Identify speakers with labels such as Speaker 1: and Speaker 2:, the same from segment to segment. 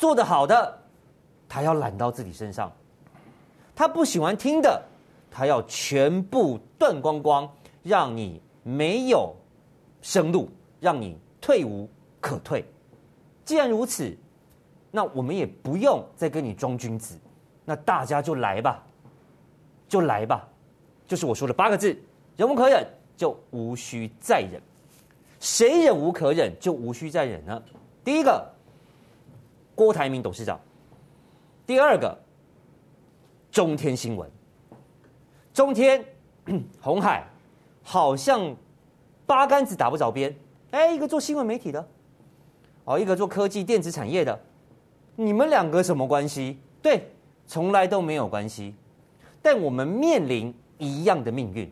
Speaker 1: 做得好的，他要攬到自己身上；他不喜歡聽的，他要全部斷光光，讓你沒有生路，讓你退無可退。既然如此，那我們也不用再跟你裝君子。那大家就來吧，就來吧，就是我說的八個字：忍無可忍，就無需再忍。誰忍無可忍，就無需再忍呢？第一個。郭台銘董事長，第二個中天新聞。中天、鴻海好像八竿子打不着邊。哎、欸，一個做新聞媒體的，哦，一個做科技電子產業的，你們兩個什麼關係？對，從來都沒有關係。但我們面臨一樣的命運。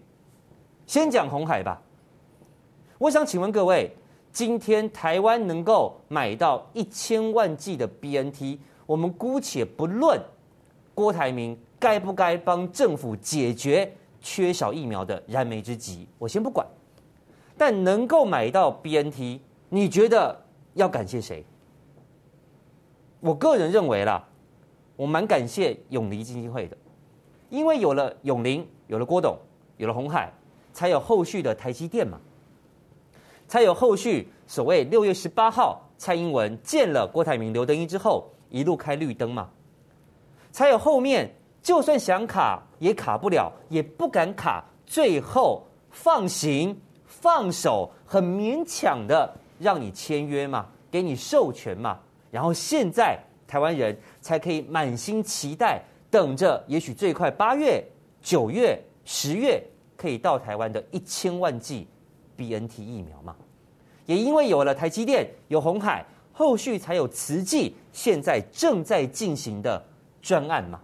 Speaker 1: 先講鴻海吧，我想請問各位。今天台灣能夠買到一千萬劑的 BNT，我們姑且不論郭台銘該不該幫政府解決缺少疫苗的燃眉之急，我先不管。但能夠買到 BNT，你覺得要感謝誰？我個人認為啦，我蠻感謝永齡基金會的，因為有了永齡，有了郭董，有了鴻海，才有後續的台積電嘛。才有後續，所謂六月十八號蔡英文見了郭台銘、劉德音之後，一路開綠燈嘛，才有後面就算想卡也卡不了，也不敢卡，最後放行、放手，很勉強的讓你簽約嘛，給你授權嘛，然後現在台灣人才可以滿心期待，等着也許最快八月、九月、十月可以到台灣的一千萬劑。B N T 疫苗嘛，也因為有了台積電、有鴻海，後續才有慈濟現在正在進行的專案嘛。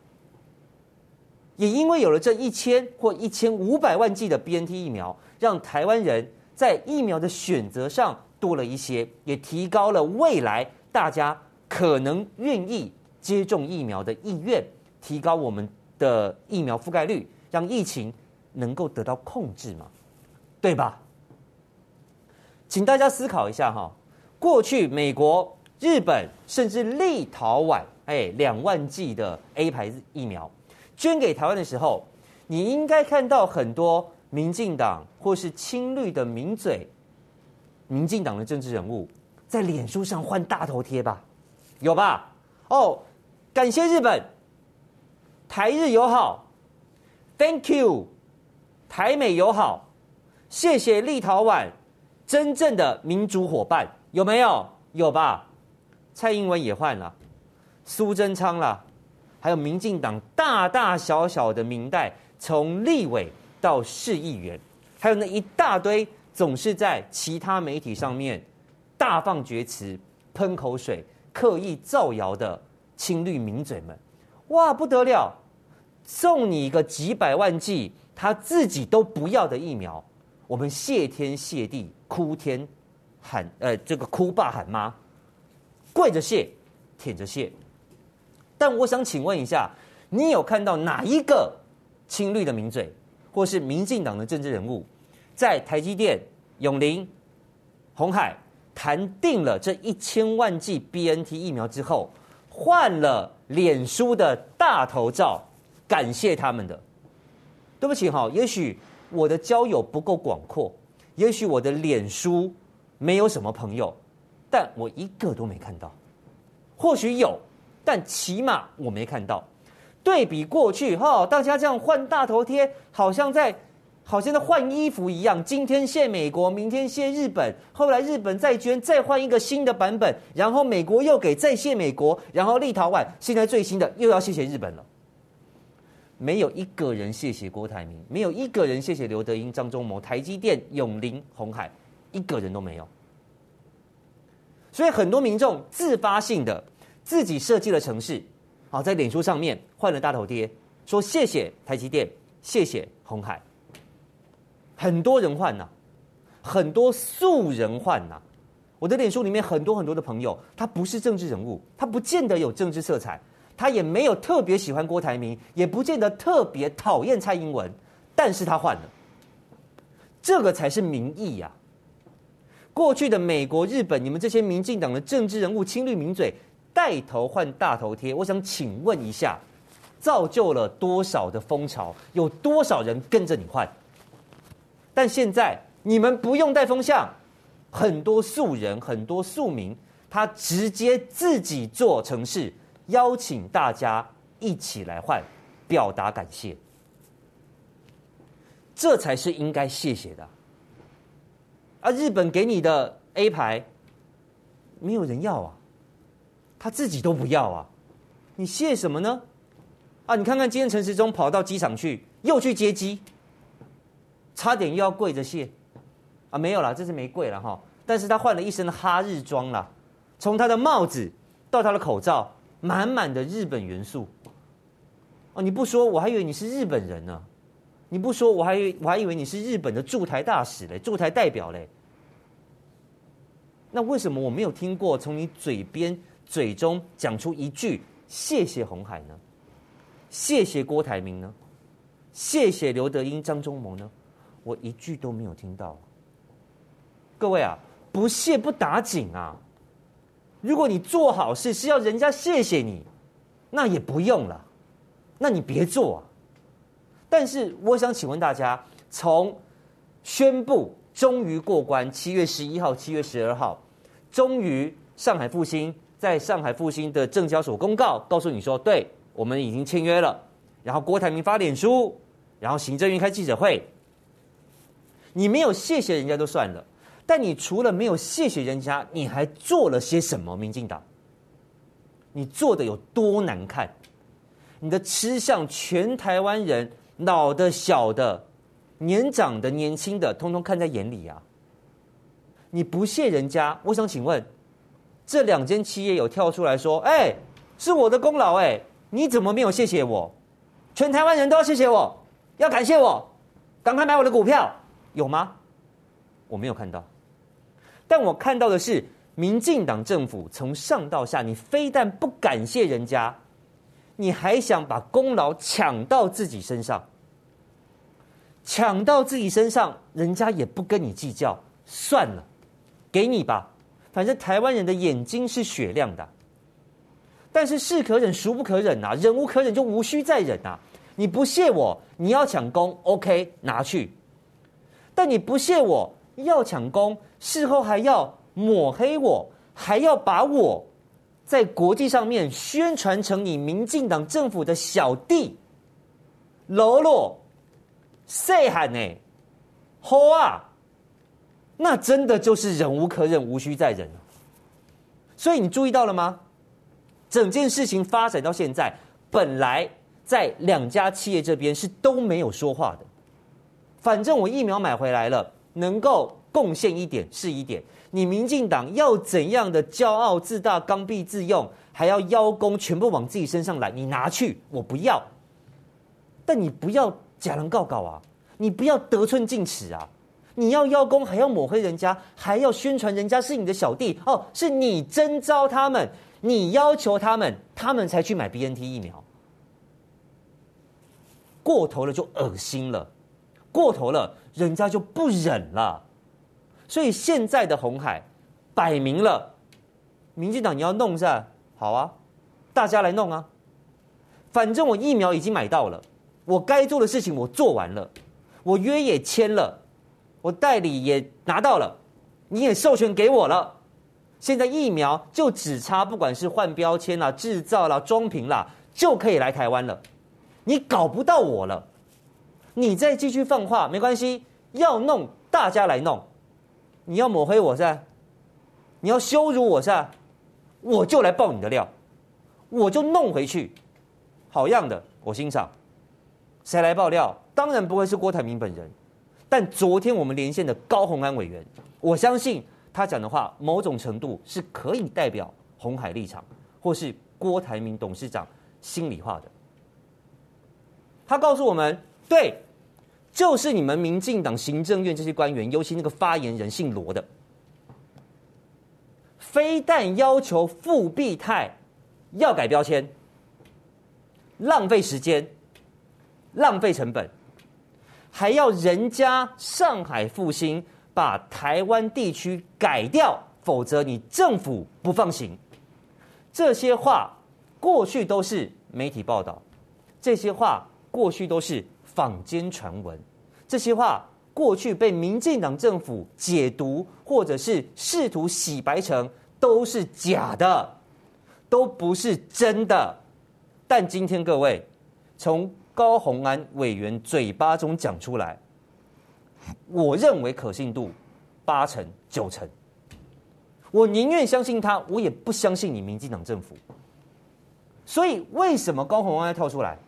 Speaker 1: 也因為有了這一千或一千五百萬劑的 B N T 疫苗，讓台灣人在疫苗的選擇上多了一些，也提高了未來大家可能願意接種疫苗的意願，提高我們的疫苗覆蓋率，讓疫情能夠得到控制嘛，對吧？請大家思考一下哈，過去美國、日本甚至立陶宛，哎、欸，兩萬劑的 A 牌疫苗捐給台灣的時候，你應該看到很多民進黨或是青綠的名嘴、民進黨的政治人物在臉書上換大頭貼吧？有吧？哦、oh，感謝日本，台日友好，Thank you，台美友好，謝謝立陶宛。真正的民主夥伴有沒有？有吧？蔡英文也換了，蘇貞昌了，還有民進黨大大小小的民代，從立委到市議員，還有那一大堆總是在其他媒體上面大放厥詞、噴口水、刻意造謠的青綠名嘴們，哇，不得了！送你一個幾百萬劑他自己都不要的疫苗。我們謝天謝地，哭天喊、呃，這個哭爸喊媽，跪着謝，舔着謝。但我想請問一下，你有看到哪一個親綠的名嘴，或是民進黨的政治人物，在台積電、永齡、鴻海談定了這一千萬劑 BNT 疫苗之後，換了臉書的大頭照感謝他們的？對不起哈、哦，也許。我的交友不夠廣闊，也許我的臉書沒有什麼朋友，但我一個都沒看到。或許有，但起碼我沒看到。對比過去哈、哦，大家這樣換大頭貼，好像在，好像在換衣服一樣。今天謝美國，明天謝日本，後來日本再捐，再換一個新的版本，然後美國又給再謝美國，然後立陶宛現在最新的又要謝謝日本了。沒有一個人謝謝郭台銘，沒有一個人謝謝劉德音、張忠謀、台積電、永齡、鴻海，一個人都沒有。所以很多民眾自發性的自己設計了程式，好在臉書上面換了大頭貼，說謝謝台積電，謝謝鴻海。很多人換吶、啊，很多素人換吶、啊。我的臉書裡面很多很多的朋友，他不是政治人物，他不見得有政治色彩。他也沒有特別喜歡郭台銘，也不見得特別討厭蔡英文，但是他換了，這個才是民意呀、啊。過去的美國、日本，你們這些民進黨的政治人物、親綠名嘴帶頭換大頭貼，我想請問一下，造就了多少的風潮？有多少人跟着你換？但現在你們不用帶風向，很多素人、很多素民，他直接自己做城市。邀請大家一起來換，表達感謝，這才是應該謝謝的。啊，日本給你的 A 牌，沒有人要啊，他自己都不要啊，你謝什麼呢？啊，你看看今天陳時中跑到機場去，又去接機，差點又要跪着謝，啊，沒有啦，這是沒跪啦齁。但是他換了一身哈日裝啦，從他的帽子到他的口罩。滿滿的日本元素。哦，你不說我還以為你是日本人呢，啊，你不說我還以為我還以為你是日本的駐台大使嘞，駐台代表嘞。那為什麼我沒有聽過從你嘴邊嘴中講出一句謝謝鴻海呢？謝謝郭台銘呢？謝謝劉德音、張忠謀呢？我一句都沒有聽到。各位啊，不謝不打緊啊。如果你做好事是要人家謝謝你，那也不用了，那你別做啊。但是我想請問大家，從宣布終於過關，七月十一號、七月十二號，終於上海復星，在上海復星的證交所公告告訴你說，對，我們已經簽約了。然後郭台銘發臉書，然後行政院開記者會，你沒有謝謝人家都算了。但你除了沒有謝謝人家，你還做了些什麼？民進黨，你做得有多難看？你的吃相，全台灣人老的、小的、年長的、年輕的，通通看在眼裡呀、啊。你不謝人家，我想請問，這兩間企業有跳出來說：“哎，是我的功勞，哎，你怎麼沒有謝謝我？”全台灣人都要謝謝我，要感謝我，趕快買我的股票，有嗎？我沒有看到。但我看到的是，民進黨政府從上到下，你非但不感謝人家，你還想把功勞搶到自己身上，搶到自己身上，人家也不跟你計較，算了，給你吧，反正台灣人的眼睛是雪亮的。但是是可忍，孰不可忍啊？忍無可忍就無需再忍啊！你不謝我，你要搶功，OK，拿去。但你不謝我要，要搶功。事後還要抹黑我，還要把我在國際上面宣傳成你民進黨政府的小弟、嘍囉、囉，誰喊呢？好啊，那真的就是忍無可忍，無需再忍了。所以你注意到了嗎？整件事情發展到現在，本來在兩家企業這邊是都沒有說話的，反正我疫苗買回來了，能夠。貢獻一點是一點，你民進黨要怎樣的驕傲自大、剛愎自用，還要邀功，全部往自己身上來，你拿去，我不要。但你不要假人告告啊，你不要得寸進尺啊！你要邀功，還要抹黑人家，還要宣傳人家是你的小弟哦，是你徵召他們，你要求他們，他們才去買 BNT 疫苗。過頭了就噁心了，過頭了人家就不忍了。所以現在的鴻海，擺明了，民進黨你要弄是吧？好啊，大家來弄啊！反正我疫苗已經買到了，我該做的事情我做完了，我約也簽了，我代理也拿到了，你也授權給我了。現在疫苗就只差，不管是換標籤啦、啊、製造啦、啊、裝瓶啦、啊，就可以來台灣了。你搞不到我了，你再繼續放話沒關係，要弄大家來弄。你要抹黑我噻、啊，你要羞辱我噻、啊，我就來爆你的料，我就弄回去。好樣的，我欣賞。誰來爆料？當然不會是郭台銘本人。但昨天我們連線的高虹安委員，我相信他講的話，某種程度是可以代表鴻海立場，或是郭台銘董事長心裡話的。他告訴我們，對。就是你們民進黨行政院這些官員，尤其那個發言人姓羅的，非但要求復必泰要改標籤，浪費時間、浪費成本，還要人家上海復興把台灣地區改掉，否則你政府不放行。這些話過去都是媒體報道，這些話過去都是。坊間傳聞，這些話過去被民進黨政府解讀，或者是試圖洗白成都是假的，都不是真的。但今天各位從高虹安委員嘴巴中講出來，我認為可信度八成九成。我寧願相信他，我也不相信你民進黨政府。所以，為什麼高虹安要跳出來？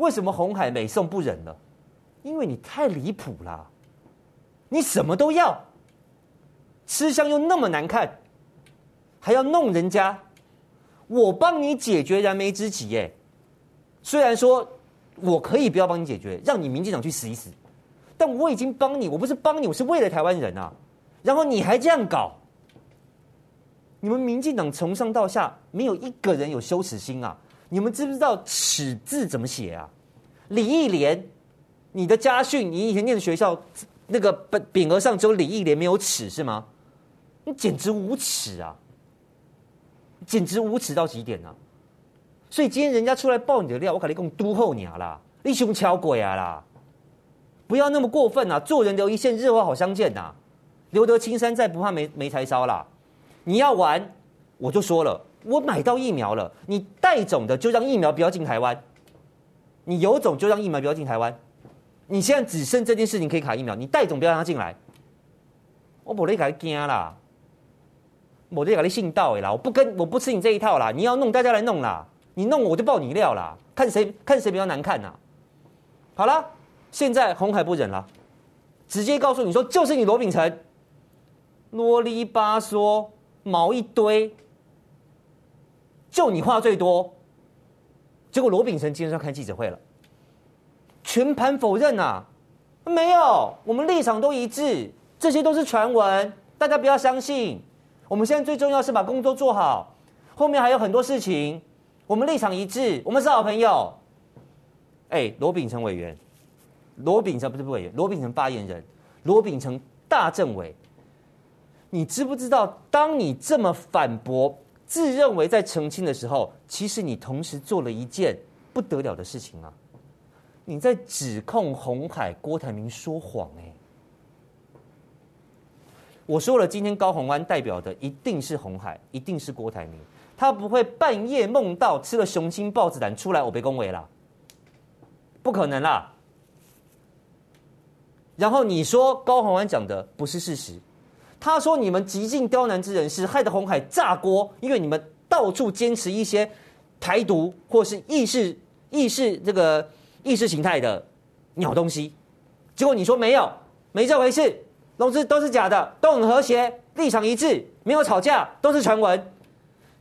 Speaker 1: 為什麼鴻海美送不忍了？因為你太離譜了，你什麼都要，吃相又那麼難看，還要弄人家。我幫你解決燃眉之急耶、欸。雖然說我可以不要幫你解決，讓你民進黨去死一死，但我已經幫你，我不是幫你，我是為了台灣人啊。然後你還這樣搞，你們民進黨從上到下沒有一個人有羞恥心啊！你們知不知道“恥”字怎麼寫啊？禮義廉，你的家訓，你以前念的學校，那個本匾額上只有“禮義廉”沒有“恥”是嗎？你簡直無恥啊！簡直無恥到極點啊！所以今天人家出來爆你的料，我可能要督候你啊啦！你兄敲鬼啊啦！不要那麼過分啊，做人留一線，日後好相見吶、啊！留得青山在，不怕沒沒柴燒啦！你要玩，我就說了。我買到疫苗了，你帶種的就讓疫苗不要進台灣，你有種就讓疫苗不要進台灣。你現在只剩這件事情可以卡疫苗，你帶種不要讓它進來。 我冇得卡驚啦，冇得卡你信道誒啦，我不跟我不吃你這一套啦。你要弄大家來弄啦，你弄我就爆你料啦，看誰看誰比較難看吶、啊。好了，現在鴻海不忍了，直接告訴你說就是你羅秉成，囉哩吧嗦毛一堆。就你話最多，結果羅秉成今天上開記者會了，全盤否認吶、啊，沒有，我們立場都一致，這些都是傳聞，大家不要相信。我們現在最重要是把工作做好，後面還有很多事情，我們立場一致，我們是好朋友。哎、欸，羅秉成委員，羅秉成不是委員，羅秉成發言人，羅秉成大政委，你知不知道？當你這麼反駁？自認為在澄清的時候，其實你同時做了一件不得了的事情啊！你在指控鴻海郭台銘說謊哎、欸！我說了，今天高虹安代表的一定是鴻海，一定是郭台銘，他不會半夜夢到吃了熊心豹子膽出來，我被恭維了，不可能啦！然後你說高虹安講的不是事實。他說：“你們極盡刁難之人士害得鴻海炸鍋，因為你們到處堅持一些台獨或是意識，意識這個意識形態的鳥東西。結果你說沒有，沒這回事，都是都是假的，都很和諧，立場一致，沒有吵架，都是傳聞。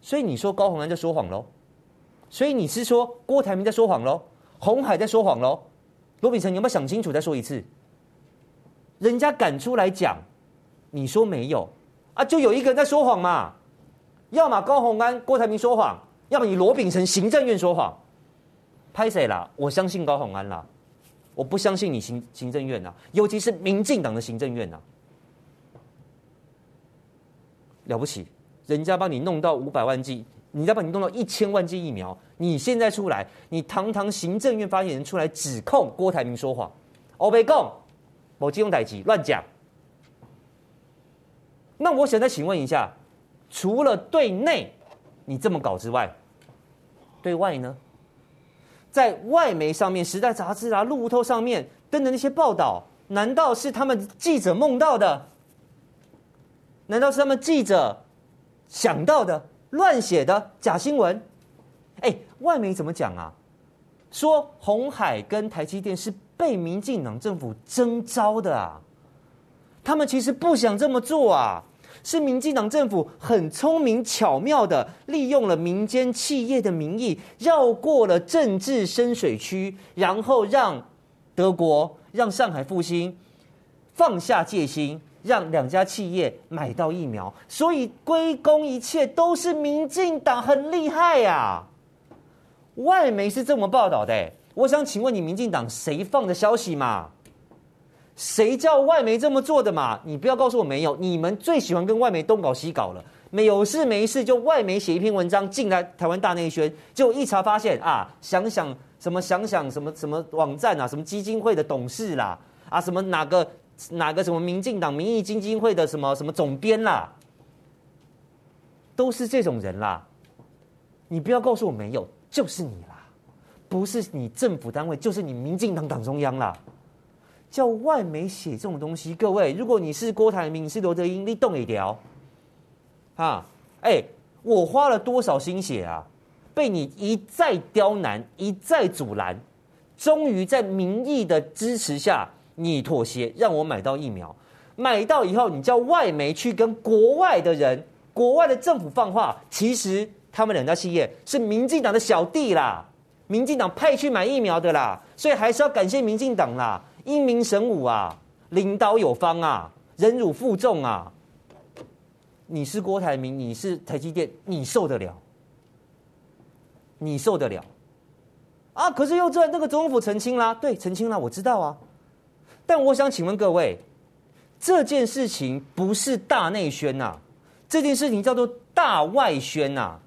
Speaker 1: 所以你說高虹安在說謊嘍？所以你是說郭台銘在說謊嘍？鴻海在說謊嘍？羅秉成，你有沒有想清楚再說一次？人家敢出來講。”你說沒有，啊，就有一個人在說謊嘛。要麼高虹安、郭台銘說謊，要麼你羅秉成行政院說謊，拍誰啦！我相信高虹安啦！我不相信你行行政院啊，尤其是民進黨的行政院啊，了不起，人家幫你弄到五百萬劑，人家幫你弄到一千萬劑疫苗，你現在出來，你堂堂行政院發言人出來指控郭台銘說謊，歐北共，某金融台集亂講。那我想再請問一下，除了對內你這麼搞之外，對外呢？在外媒上面，《時代雜誌》啊，《路透》上面登的那些報道，難道是他們記者夢到的？難道是他們記者想到的亂寫的假新聞？哎，外媒怎麼講啊？說鴻海跟台積電是被民進黨政府徵召的啊，他們其實不想這麼做啊。是民進黨政府很聰明巧妙的利用了民間企業的名義，繞過了政治深水區，然後讓德國、讓上海復星放下戒心，讓兩家企業買到疫苗。所以歸功一切都是民進黨很厲害呀、啊！外媒是這麼報道的、欸，我想請問你，民進黨誰放的消息嘛？誰叫外媒這麼做的嘛？你不要告訴我沒有，你們最喜歡跟外媒東搞西搞了。沒有事沒事就外媒寫一篇文章進來台灣大內宣，就一查發現啊，想想什麼想想什麼什麼網站啊，什麼基金會的董事啦，啊什麼哪個哪個什麼民進黨民意基金會的什麼什麼總編啦，都是這種人啦。你不要告訴我沒有，就是你啦，不是你政府單位，就是你民進黨黨中央啦。叫外媒寫這種東西，各位，如果你是郭台銘，你是劉德音，你動一條，啊，哎、欸，我花了多少心血啊，被你一再刁難，一再阻攔，終於在民意的支持下，你妥協，讓我買到疫苗，買到以後，你叫外媒去跟國外的人、國外的政府放話，其實他們兩家企業是民進黨的小弟啦，民進黨派去買疫苗的啦，所以還是要感謝民進黨啦。英明神武啊，領導有方啊，忍辱負重啊！你是郭台銘，你是台積電，你受得了？你受得了？啊！可是又在那個總統府澄清啦、啊，對，澄清了，我知道啊。但我想請問各位，這件事情不是大內宣吶、啊，這件事情叫做大外宣吶、啊。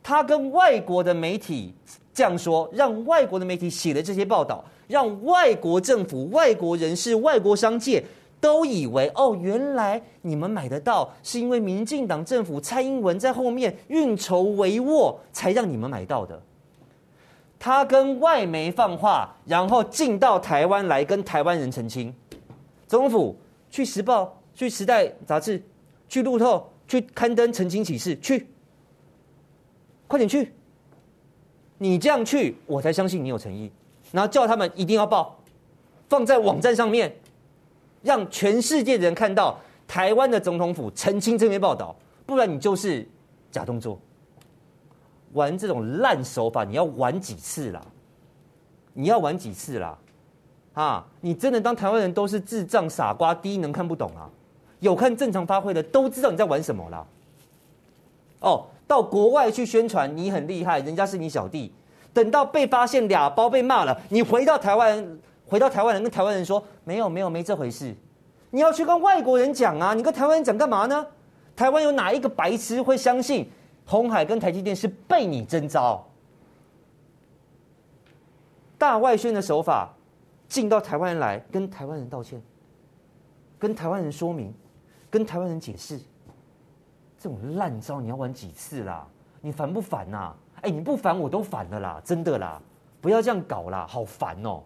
Speaker 1: 他跟外國的媒體這樣說，讓外國的媒體寫的這些報道。讓外國政府、外國人士、外國商界都以為，哦，原來你們買得到，是因為民進黨政府蔡英文在後面運籌帷幄，才讓你們買到的。他跟外媒放話，然後進到台灣來跟台灣人澄清。總統府去時報、去時代雜誌、去路透、去刊登澄清啟事，去，快點去。你這樣去，我才相信你有誠意。然後叫他們一定要報，放在網站上面，讓全世界的人看到台灣的總統府澄清這篇報道不然你就是假動作，玩這種爛手法，你要玩幾次啦？你要玩幾次啦？啊！你真的當台灣人都是智障傻瓜、低能看不懂啊？有看正常發揮的都知道你在玩什麼啦？哦，到國外去宣傳你很厲害，人家是你小弟，等到被發現倆包被罵了，你回到台灣，回到台灣人跟台灣人說沒有沒有沒這回事，你要去跟外國人講啊，你跟台灣人講幹嘛呢？台灣有哪一個白痴會相信鴻海跟台積電是被你徵召，大外宣的手法，進到台灣來跟台灣人道歉，跟台灣人說明，跟台灣人解釋，這種爛招你要玩幾次啦？你煩不煩吶、啊？哎，你不煩我都煩了啦，真的啦，不要這樣搞啦，好煩哦，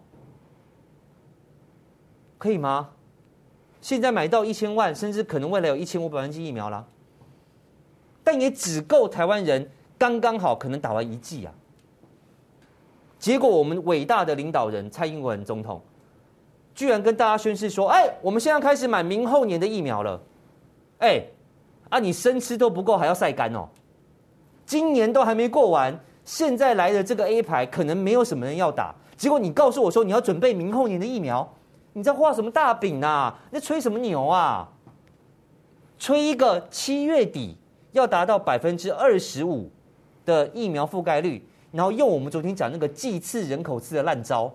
Speaker 1: 可以嗎？現在買到一千萬，甚至可能未來有一千五百萬劑疫苗啦，但也只夠台灣人剛剛好可能打完一劑啊。結果我們偉大的領導人蔡英文總統，居然跟大家宣示說：哎，我們現在開始買明後年的疫苗了。哎，啊，你生吃都不夠，還要曬乾哦。今年都還沒過完，現在來的這個 A 牌可能沒有什麼人要打。結果你告訴我說你要準備明後年的疫苗，你在畫什麼大餅啊？你在吹什麼牛啊？吹一個七月底要達到百分之二十五的疫苗覆蓋率，然後用我們昨天講那個“劑次人口比”的爛招，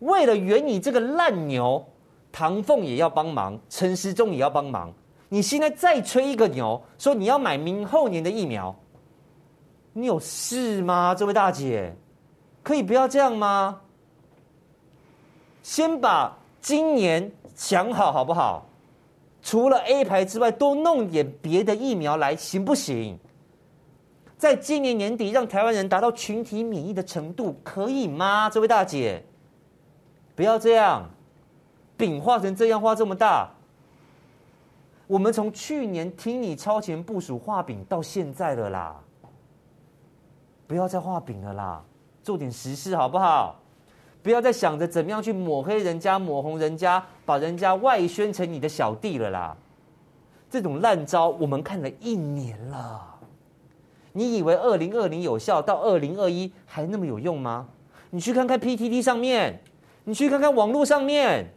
Speaker 1: 為了圓你這個爛牛，唐鳳也要幫忙，陳時中也要幫忙。你現在再吹一個牛，說你要買明後年的疫苗。你有事嗎，這位大姐？可以不要這樣嗎？先把今年想好好不好？除了 A 牌之外，多弄點別的疫苗來，行不行？在今年年底讓台灣人達到群體免疫的程度，可以嗎？這位大姐，不要這樣，餅畫成這樣，畫這麼大。我們從去年聽你超前部署畫餅，到現在了啦。不要再畫餅了啦，做點實事好不好？不要再想着怎麼樣去抹黑人家、抹紅人家，把人家外宣成你的小弟了啦！這種爛招我們看了一年了，你以為二零二零有效到二零二一還那麼有用嗎？你去看看 PTT 上面，你去看看網絡上面，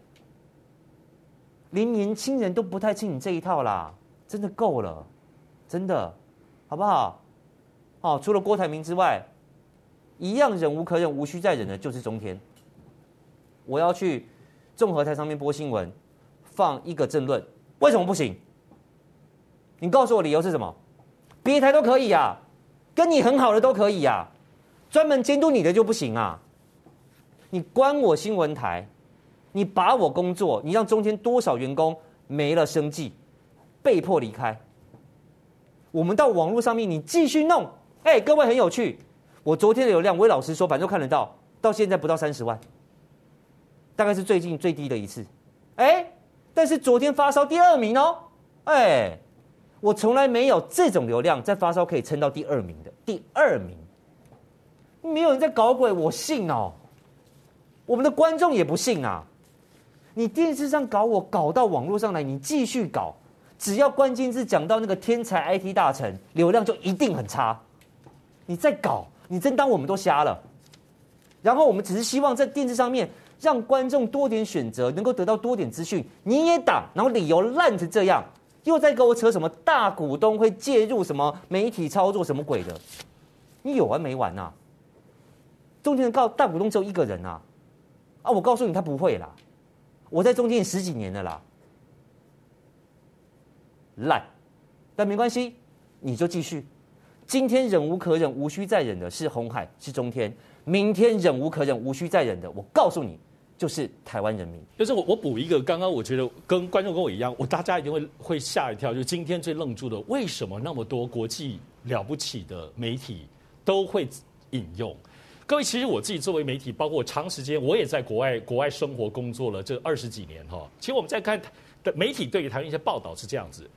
Speaker 1: 連年輕人都不太信你這一套啦！真的夠了，真的，好不好？哦，除了郭台銘之外，一樣忍無可忍、無需再忍的，就是中天。我要去綜合台上面播新聞，放一個政論，為什麼不行？你告訴我理由是什麼？別台都可以啊，跟你很好的都可以啊，專門監督你的就不行啊？你關我新聞台，你把我工作，你讓中天多少員工沒了生計，被迫離開。我們到網絡上面，你繼續弄。哎、欸，各位很有趣。我昨天的流量，我老實說，反正都看得到，到現在不到三十萬，大概是最近最低的一次。哎、欸，但是昨天發燒第二名哦。哎、欸，我從來沒有這種流量在發燒可以撐到第二名的，第二名沒有人在搞鬼，我信哦。我們的觀眾也不信啊。你電視上搞我，搞到網絡上來，你繼續搞，只要關鍵字講到那個天才 IT 大臣，流量就一定很差。你在搞？你真當我們都瞎了？然後我們只是希望在電視上面讓觀眾多點選擇，能夠得到多點資訊。你也擋，然後理由爛成這樣，又在跟我扯什麼大股東會介入什麼媒體操作什麼鬼的？你有完沒完吶、啊？中間告大股東只有一個人吶、啊？啊，我告訴你，他不會啦。我在中間也十幾年了啦。爛，但沒關係，你就繼續。今天忍無可忍、無需再忍的是鴻海、是中天。明天忍無可忍、無需再忍的，我告訴你，就
Speaker 2: 是台灣人民。就是我，我補一個。剛剛我覺得跟觀眾跟我一樣，我大家一定會會嚇一跳。就今天最愣住的，為什麼那麼多國際了不起的媒體都會引用？各位，其實我自己作為媒體，包括我長時間我也在國外國外生活工作了這二十幾年哈。其實我們在看的媒體對於台灣一些報道是這樣子。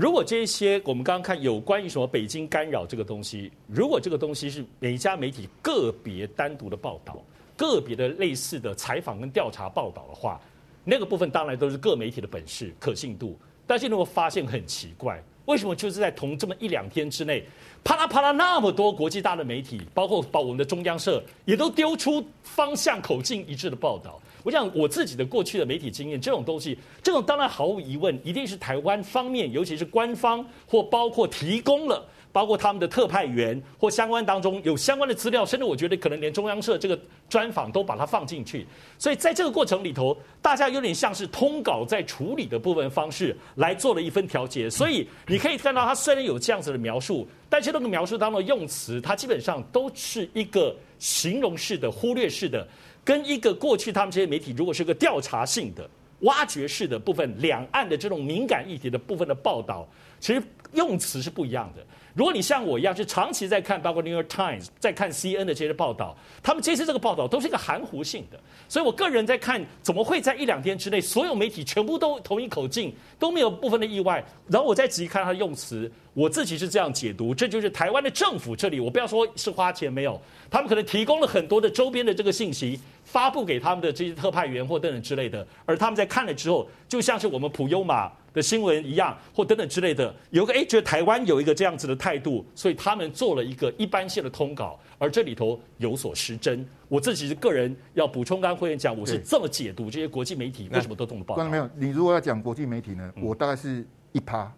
Speaker 2: 如果這些我們剛剛看有關於什麼北京干擾這個東西，如果這個東西是每家媒體個別單獨的報道，個別的類似的採訪跟調查報道的話，那個部分當然都是各媒體的本事、可信度。但是如果發現很奇怪，為什麼就是在同這麼一兩天之內，啪啦啪啦那麼多國際大的媒體，包括把我們的中央社也都丟出方向口徑一致的報道？我想，我自己的過去的媒體經驗，這種東西，這種當然毫無疑問，一定是台灣方面，尤其是官方或包括提供了，包括他們的特派員或相關當中有相關的資料，甚至我覺得可能連中央社這個專訪都把它放進去。所以在這個過程裡頭，大家有點像是通稿在處理的部分方式來做了一份調節。所以你可以看到，它雖然有這樣子的描述，但是那個描述當中的用詞，它基本上都是一個形容式的、忽略式的。跟一個過去他們這些媒體，如果是個調查性的、挖掘式的部分，兩岸的這種敏感議題的部分的報道，其實用詞是不一樣的。如果你像我一樣，就長期在看，包括《New York Times》在看 CNN 的這些報道，他們這次這個報道都是一個含糊性的。所以我個人在看，怎麼會在一兩天之內，所有媒體全部都同一口徑，都沒有部分的意外？然後我再仔細看他的用詞，我自己是這樣解讀：這就是台灣的政府這裡，我不要說是花錢沒有，他們可能提供了很多的周邊的這個信息，發布給他們的這些特派員或者等等之類的，而他們在看了之後，就像是我們普悠瑪。的新聞一樣，或等等之類的，有個哎、欸，覺得台灣有一個這樣子的態度，所以他們做了一個一般性的通稿，而這裡頭有所失真。我自己個人要補充跟會員講，我是這麼解讀對這些國際媒體為什麼都這麼報。關有。
Speaker 3: 你如果要講國際媒體呢，我大概是一趴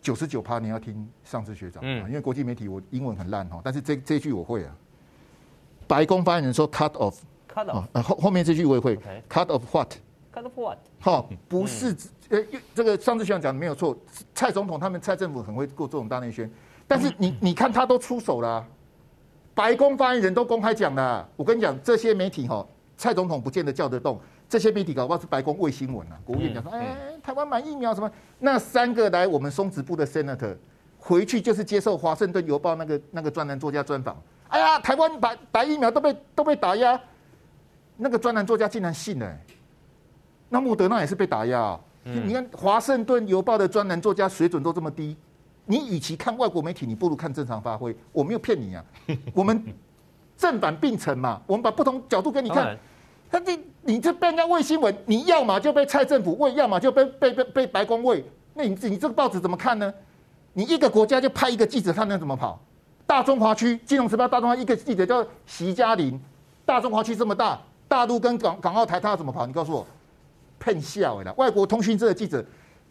Speaker 3: 九十九趴，你要聽上次學長，嗯、因為國際媒體我英文很爛哈，但是這這句我會啊。白宮發言人說 “cut, of, cut off”，啊，後後面這句我也會 Okay.，“cut off what”。c u t 好，不，哦、不是，呃，這個上次學長講的沒有錯。蔡總統他們蔡政府很會做這種大內宣，但是你你看他都出手了，啊，白宮發言人都公開講了，啊。我跟你講，這些媒體哈，蔡總統不見得叫得動這些媒體，搞不好是白宮餵新聞了。國務院講說，哎，台灣買疫苗什麼？那三個來我們松子部的 Senator 回去就是接受《華盛頓郵報》那個那個專欄作家專訪。哎呀，台灣白白疫苗都被都被打壓，那個專欄作家竟然信了，欸。那莫德納也是被打壓啊！你看《華盛頓郵報》的專欄作家水準都這麼低，你與其看外國媒體，你不如看正常發揮。我沒有騙你啊，我們正反並陳嘛，我們把不同角度給你看。他這你這被人家餵新聞，你要嘛就被蔡政府餵，要麼就被被被被白宮餵。那你自己這個報紙怎麼看呢？你一個國家就派一個記者，他能怎麼跑？大中華區《金融時報》大中華一個記者叫席嘉玲，大中華區這麼大，大陸跟港港澳台他要怎麼跑？你告訴我。騙笑哎的啦外國通訊社的記者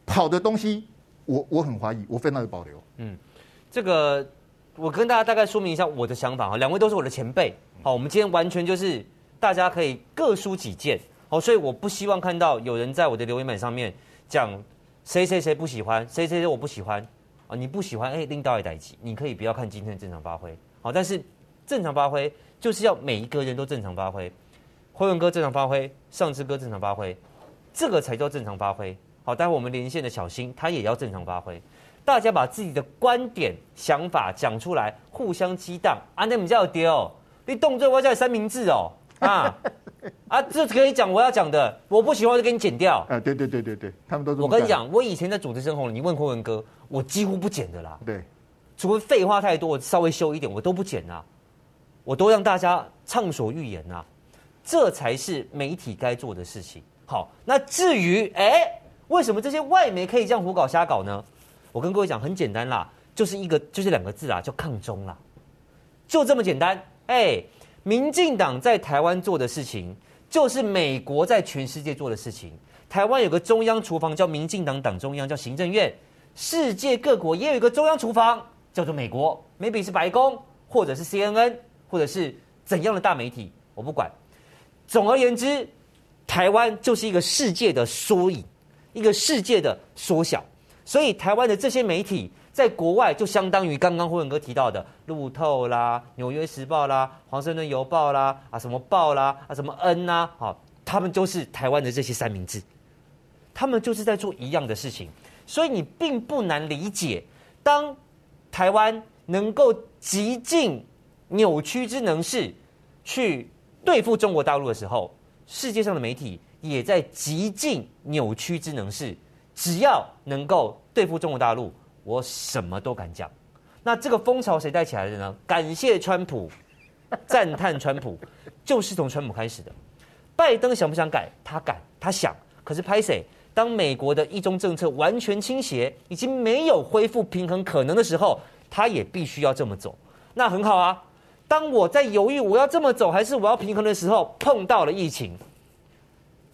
Speaker 3: 跑的東西我，我我很懷疑，我非常的保留。嗯，
Speaker 1: 這個我跟大家大概說明一下我的想法哈，兩位都是我的前輩，嗯、好，我們今天完全就是大家可以各抒己見，好，所以我不希望看到有人在我的留言板上面講誰誰誰不喜歡，誰誰誰我不喜歡啊，你不喜歡哎，領導也在一起，你可以不要看今天的正常發揮，好，但是正常發揮就是要每一個人都正常發揮，揮文哥正常發揮，上次哥正常發揮。這個才叫正常發揮。好，待會我們連線的小新，他也要正常發揮。大家把自己的觀點、想法講出來，互相激盪。阿德米叫哦，你動作歪在三明治哦，啊 啊，這可以講我要講的，我不喜歡我就給你剪掉。
Speaker 3: 啊，對對對對對，
Speaker 1: 他們都我跟你講，我以前在主持《生活》，你問坤文哥，我幾乎不剪的啦。對，除非廢話太多，我稍微修一點，我都不剪啦。我都讓大家暢所欲言啊，這才是媒體該做的事情。好，那至於哎，為什麼這些外媒可以這樣胡搞瞎搞呢？我跟各位講，很簡單啦，就是一個就是兩個字啦，叫抗中啦，就這麼簡單。哎，民進黨在台灣做的事情，就是美國在全世界做的事情。台灣有個中央廚房叫民進黨黨中央，叫行政院；世界各國也有一個中央廚房，叫做美國，maybe 是白宮，或者是 CNN，或者是怎樣的大媒體，我不管。總而言之。台灣就是一個世界的縮影，一個世界的縮小，所以台灣的這些媒體在國外就相當於剛剛胡文哥提到的路透啦、紐約時報啦、華盛頓郵報啦啊什麼報啦啊什麼 N 吶，好，他們就是台灣的這些三明治，他們就是在做一樣的事情，所以你並不難理解，當台灣能夠極盡扭曲之能事去對付中國大陸的時候，世界上的媒體也在極盡扭曲之能事，只要能夠對付中國大陸，我什麼都敢講。那這個風潮誰帶起來的呢？感謝川普，讚嘆川普，就是從川普開始的。拜登想不想改？他敢，他想。可是拍謝，當美國的一中政策完全傾斜，已經沒有恢復平衡可能的時候，他也必須要這麼走。那很好啊。當我在猶豫我要這麼走還是我要平衡的時候，碰到了疫情，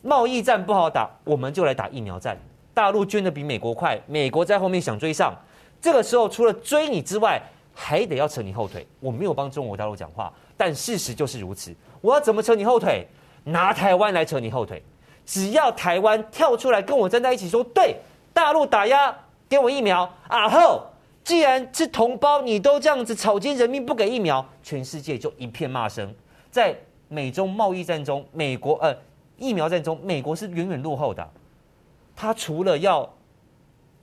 Speaker 1: 貿易戰不好打，我們就來打疫苗戰。大陸捐得比美國快，美國在後面想追上，這個時候除了追你之外，還得要扯你後腿。我沒有幫中國大陸講話，但事實就是如此。我要怎麼扯你後腿？拿台灣來扯你後腿。只要台灣跳出來跟我站在一起，說對大陸打壓給我疫苗，啊後。既然是同胞，你都這樣子草菅人命不給疫苗，全世界就一片罵聲。在美中貿易戰中，美國呃疫苗戰中，美國是遠遠落後的。他除了要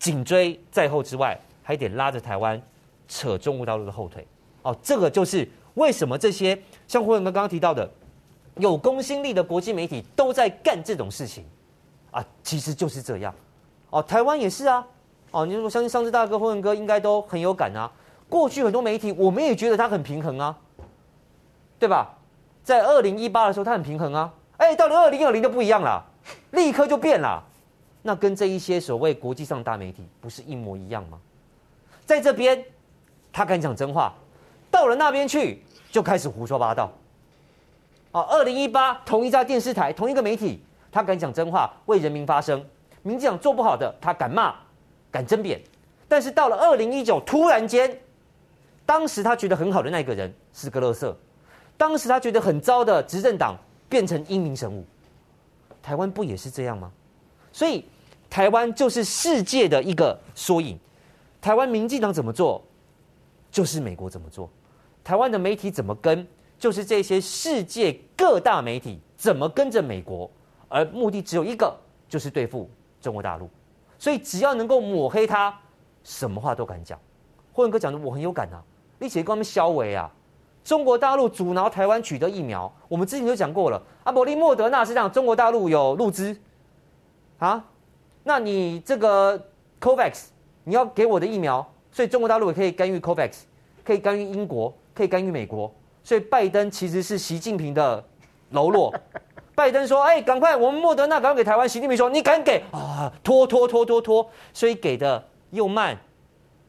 Speaker 1: 緊追在後之外，還得拉着台灣扯中國大陸的後腿。哦，這個就是為什麼這些像胡永剛剛剛提到的有公信力的國際媒體都在幹這種事情啊，其實就是這樣。哦，台灣也是啊。哦，你如果相信上次大哥、風雲哥，應該都很有感啊。過去很多媒體，我們也覺得他很平衡啊，對吧？在二零一八的時候，他很平衡啊。哎，到了二零二零就不一樣了，立刻就變了。那跟這一些所謂國際上大媒體不是一模一樣嗎？在這邊他敢講真話，到了那邊去就開始胡說八道。啊、哦，二零一八同一家電視台、同一個媒體，他敢講真話，為人民發聲。民進黨做不好的，他敢罵。敢爭辯，但是到了二零一九，突然間，當時他覺得很好的那個人是個樂色，當時他覺得很糟的執政黨變成英明神武，台灣不也是這樣嗎？所以台灣就是世界的一個縮影，台灣民進黨怎麼做，就是美國怎麼做；台灣的媒體怎麼跟，就是這些世界各大媒體怎麼跟着美國，而目的只有一個，就是對付中國大陸。所以只要能夠抹黑他，什麼話都敢講。霍文哥講的我很有感啊，你且也跟他們啊。中國大陸阻撓台灣取得疫苗，我們之前就講過了。阿、啊、伯利莫德納是讓中國大陸有入資啊，那你這個 COVAX 你要給我的疫苗，所以中國大陸也可以干預 COVAX，可以干預英國，可以干預美國。所以拜登其實是習近平的嘍囉。 拜登說：“哎、欸，趕快，我們莫德納趕快給台灣。”習近平說：“你敢給？啊，拖拖拖拖拖，所以給的又慢，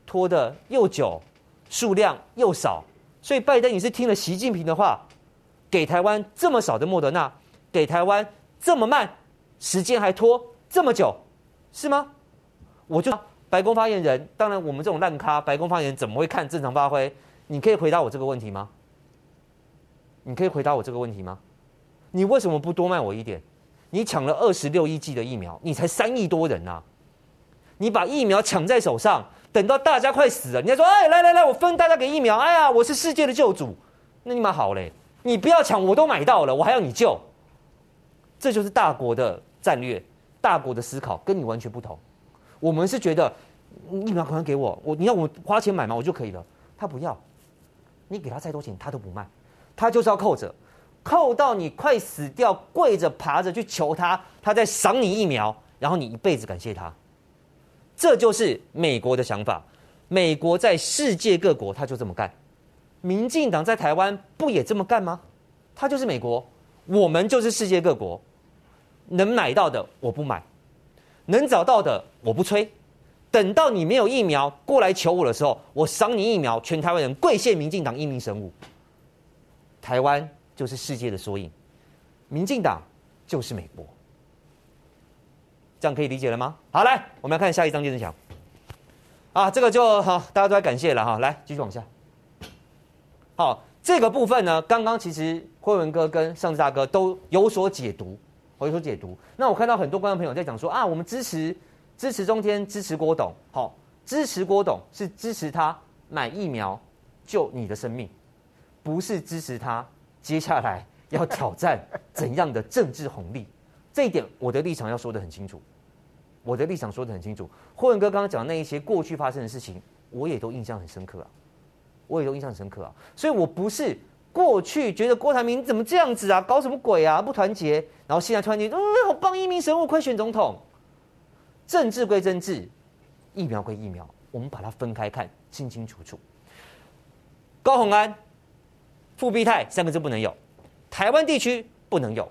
Speaker 1: 拖的又久，數量又少，所以拜登也是聽了習近平的話，給台灣這麼少的莫德納，給台灣這麼慢，時間還拖這麼久，是嗎？我就白宮發言人，當然我們這種爛咖，白宮發言人怎麼會看正常發揮？你可以回答我這個問題嗎？你可以回答我這個問題嗎？”你為什麼不多賣我一點？你搶了二十六億劑的疫苗，你才三億多人啊！你把疫苗搶在手上，等到大家快死了，你還說哎、欸，來來來，我分大家給疫苗，哎呀，我是世界的救主，那你蠻好嘞！你不要搶，我都買到了，我還要你救，這就是大國的戰略，大國的思考跟你完全不同。我們是覺得疫苗可能給我，我你要我花錢買嘛，我就可以了。他不要，你給他再多錢，他都不賣，他就是要扣着。扣到你快死掉，跪着爬着去求他，他再賞你疫苗，然後你一輩子感謝他。這就是美國的想法。美國在世界各國他就這麼幹。民進黨在台灣不也這麼幹嗎？他就是美國，我們就是世界各國。能買到的我不買，能找到的我不催。等到你沒有疫苗過來求我的時候，我賞你疫苗，全台灣人跪謝民進黨英明神武。台灣。就是世界的縮影，民進黨就是美國，這樣可以理解了嗎？好，來，我們要看下一章節，接著講。啊，這個就好，大家都來感謝了哈。來，繼續往下。好，這個部分呢，剛剛其實慧文哥跟上志大哥都有所解讀，有所解讀。那我看到很多觀眾朋友在講說啊，我們支持支持中天，支持郭董，好，支持郭董是支持他買疫苗救你的生命，不是支持他。接下來要挑戰怎樣的政治紅利？這一點我的立場要說得很清楚。我的立場說得很清楚。霍文哥剛剛講的那一些過去發生的事情，我也都印象很深刻啊，我也都印象很深刻啊。所以我不是過去覺得郭台銘怎麼這樣子啊，搞什麼鬼啊，不團結，然後現在突然間，嗯，好棒，一名神物快選總統。政治歸政治，疫苗歸疫苗，我們把它分開看，清清楚楚。高虹安。復必泰，三個字不能有，台灣地區不能有，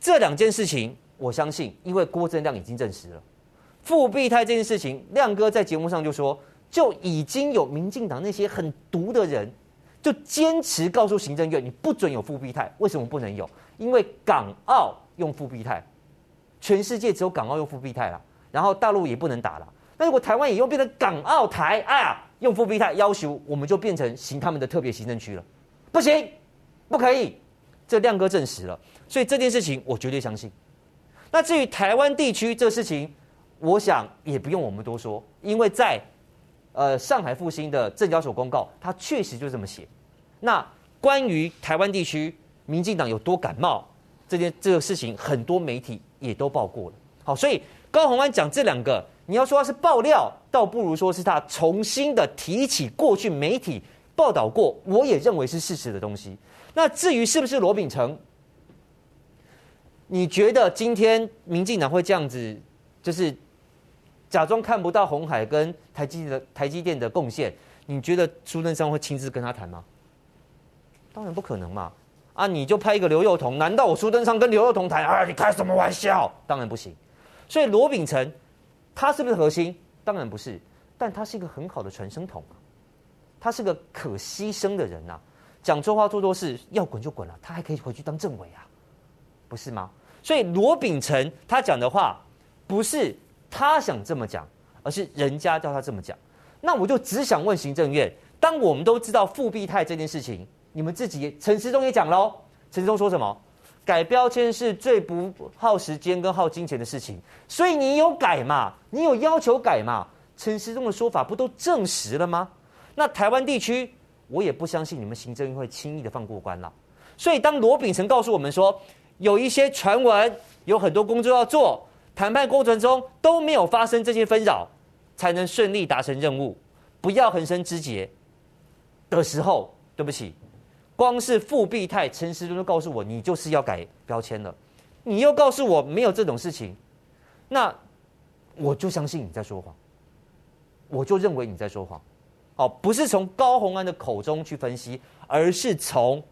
Speaker 1: 這兩件事情我相信。因為郭正亮已經證實了復必泰這件事情。亮哥在節目上就說，就已經有民進黨那些很毒的人，就堅持告訴行政院，你不准有復必泰。為什麼不能有？因為港澳用復必泰，全世界只有港澳用復必泰了，然後大陸也不能打了。那如果台灣也用，變成港澳台啊，哎，用復必泰，要求，我們就變成行他們的特別行政區了。不行，不可以，這亮哥證實了，所以這件事情我絕對相信。那至於台灣地區這個事情，我想也不用我們多說，因為在呃上海復星的證交所公告，它確實就這麼寫。那關於台灣地區民進黨有多感冒這件這個事情，很多媒體也都報過了。好，所以高虹安講這兩個，你要說他是爆料，倒不如說是他重新的提起過去媒體。報道過，我也認為是事實的東西。那至於是不是羅秉成，你覺得今天民進黨會這樣子，就是假裝看不到鴻海跟台積的台積電的貢獻？你覺得蘇貞昌會親自跟他談嗎？當然不可能嘛！啊，你就拍一個劉宥彤，難道我蘇貞昌跟劉宥彤談啊？你開什麼玩笑？當然不行。所以羅秉成他是不是核心？當然不是，但他是一個很好的傳聲筒。他是個可犧牲的人吶、啊，講錯話做錯事要滾就滾了，他還可以回去當政委啊，不是嗎？所以羅秉成他講的話，不是他想這麼講，而是人家叫他這麼講。那我就只想問行政院，當我們都知道復必泰這件事情，你們自己陳時中也講嘍，陳時中說什麼？改標籤是最不耗時間跟耗金錢的事情，所以你有改嘛？你有要求改嘛？陳時中的說法不都證實了嗎？那台灣地區，我也不相信你們行政會輕易的放過關了。所以，當羅秉成告訴我們說，有一些傳聞，有很多工作要做，談判過程中都沒有發生這些紛擾，才能順利達成任務，不要橫生枝節的時候，對不起，光是復必泰，陳時中都告訴我，你就是要改標籤了，你又告訴我沒有這種事情，那我就相信你在說謊，我就認為你在說謊。哦，不是從高虹安的口中去分析，而是從